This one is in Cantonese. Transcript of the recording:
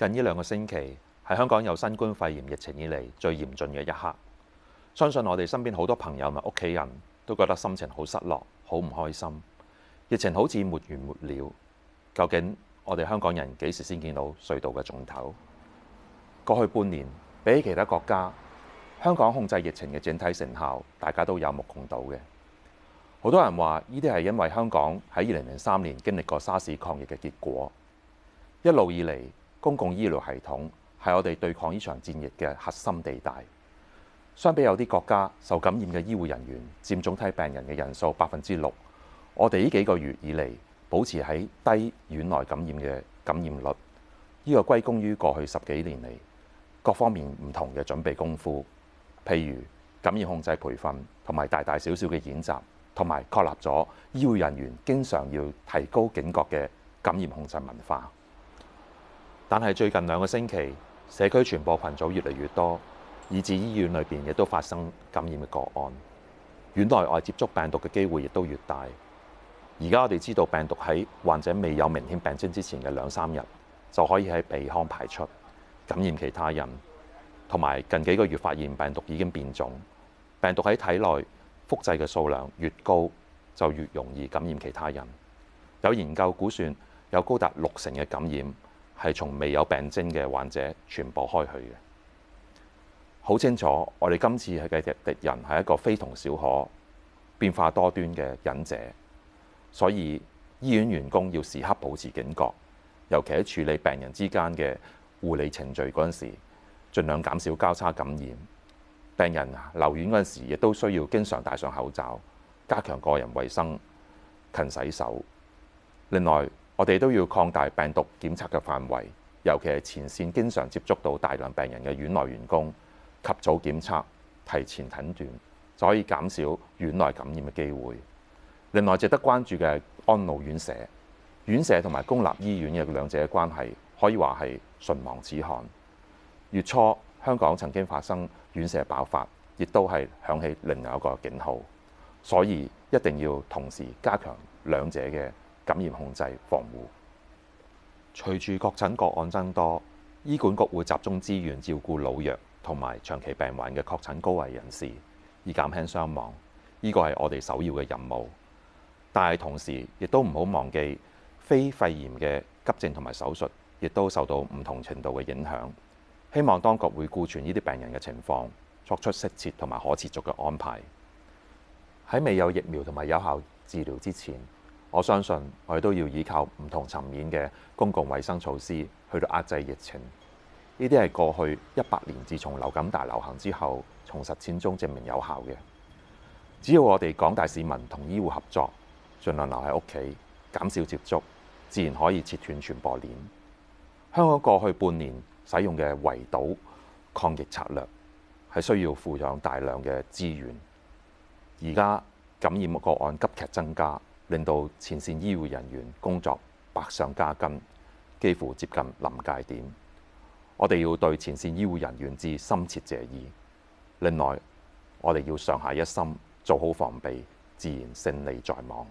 近呢兩個星期喺香港有新冠肺炎疫情以嚟最嚴峻嘅一刻，相信我哋身邊好多朋友同屋企人都覺得心情好失落、好唔開心。疫情好似沒完沒了，究竟我哋香港人幾時先見到隧道嘅盡頭？過去半年比起其他國家，香港控制疫情嘅整體成效，大家都有目共睹嘅。好多人話，呢啲係因為香港喺二零零三年經歷過沙士抗疫嘅結果，一路以嚟。公共醫療系統係我哋對抗呢場戰疫嘅核心地帶。相比有啲國家受感染嘅醫護人員佔總體病人嘅人數百分之六，我哋呢幾個月以嚟保持喺低院內感染嘅感染率，呢個歸功於過去十幾年嚟各方面唔同嘅準備功夫，譬如感染控制培訓同埋大大小小嘅演習，同埋確立咗醫護人員經常要提高警覺嘅感染控制文化。但係最近兩個星期，社區傳播群組越嚟越多，以至醫院裏邊亦都發生感染嘅個案。院內外接觸病毒嘅機會亦都越大。而家我哋知道病毒喺患者未有明顯病徵之前嘅兩三日就可以喺鼻腔排出，感染其他人。同埋近幾個月發現病毒已經變種，病毒喺體內複製嘅數量越高，就越容易感染其他人。有研究估算有高達六成嘅感染係從未有病徵嘅患者傳播開去嘅。好清楚，我哋今次嘅敵人係一個非同小可、變化多端嘅忍者，所以醫院員工要時刻保持警覺，尤其喺處理病人之間嘅護理程序嗰陣時，盡量減少交叉感染。病人留院嗰陣時，亦都需要經常戴上口罩，加強個人衞生，勤洗手。另外，我哋都要擴大病毒檢測嘅範圍，尤其係前線經常接觸到大量病人嘅院內員工，及早檢測、提前診斷，就可以減少院內感染嘅機會。另外值得關注嘅係安老院舍、院舍同埋公立醫院嘅兩者嘅關係，可以話係唇亡齒寒。月初香港曾經發生院舍爆發，亦都係響起另外一個警號，所以一定要同時加強兩者嘅。感染控制防護，隨住確診個案增多，醫管局會集中資源照顧老弱同埋長期病患嘅確診高危人士，以減輕傷亡。呢個係我哋首要嘅任務。但係同時亦都唔好忘記，非肺炎嘅急症同埋手術亦都受到唔同程度嘅影響。希望當局會顧全呢啲病人嘅情況，作出適切同埋可持續嘅安排。喺未有疫苗同埋有效治療之前。我相信我哋都要依靠唔同層面嘅公共衛生措施去到壓制疫情。呢啲係過去一百年自從流感大流行之後，從實踐中證明有效嘅。只要我哋廣大市民同醫護合作，盡量留喺屋企，減少接觸，自然可以切斷傳播鏈。香港過去半年使用嘅圍堵抗疫策略係需要付上大量嘅資源。而家感染個案急劇增加。令到前線醫護人員工作百上加斤，幾乎接近臨界點。我哋要對前線醫護人員致深切謝意。另外，我哋要上下一心，做好防備，自然勝利在望。